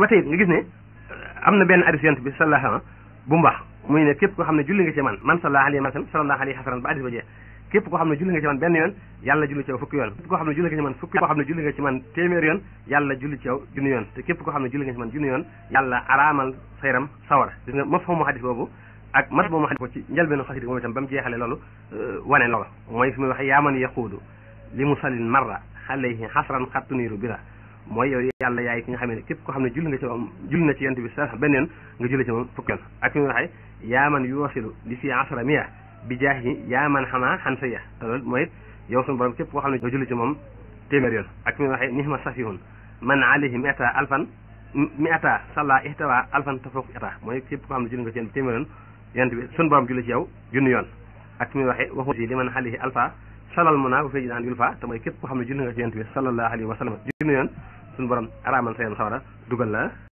ba tey nga gis ne uh, am na benn hadis yonent bi sallallahu alayhi bu muy ne képp koo xam ne julli nga ci man man sallallahu alayhi wa sallam sallallahu ba koo xam ne julli nga ci man benn yoon yàlla julli ci yow fukki yoon képp koo xam ne julli nga ci man fukki koo xam ne julli nga ci man téeméer yoon yàlla julli ci yow junni yoon te xam ne julli nga ci man junni yoon yàlla sawar gis nga mafhumu boobu ak mat boobu ma ko ci njëlbeenu xasida moom itam ba mu jeexale loolu uh, wane loolu mooy fi muy waxe mooy yow yàlla yaay ki nga xam ne képp ko xam ne julli nga ci moom julli na ci yonent bi sax beneen nga julli ci moom fukkan ak ñu waxee yaa man yuwasilu li fi asra bi jaax yi yaa man xamaa xan sa ya mooy yow suñu borom képp koo xam ne nga julli ci moom téeméer yoon ak ñu waxee nihma safihun man alayhi mi ata alfan mi ata salla ihtawa alfan tafoq ata mooy képp ko xam ne julli nga ci yonent bi téeméer yoon yonent bi suñu borom ci yow junni yoon ak mi waxe waxu ji liman xalihi alfa salal muna bu fee daan yul fa te mooy képp ko xam ne julli nga ci yent bi sallallahu alayhi wa sallam junni yoon suñu borom araamal sa yam sawara dugal la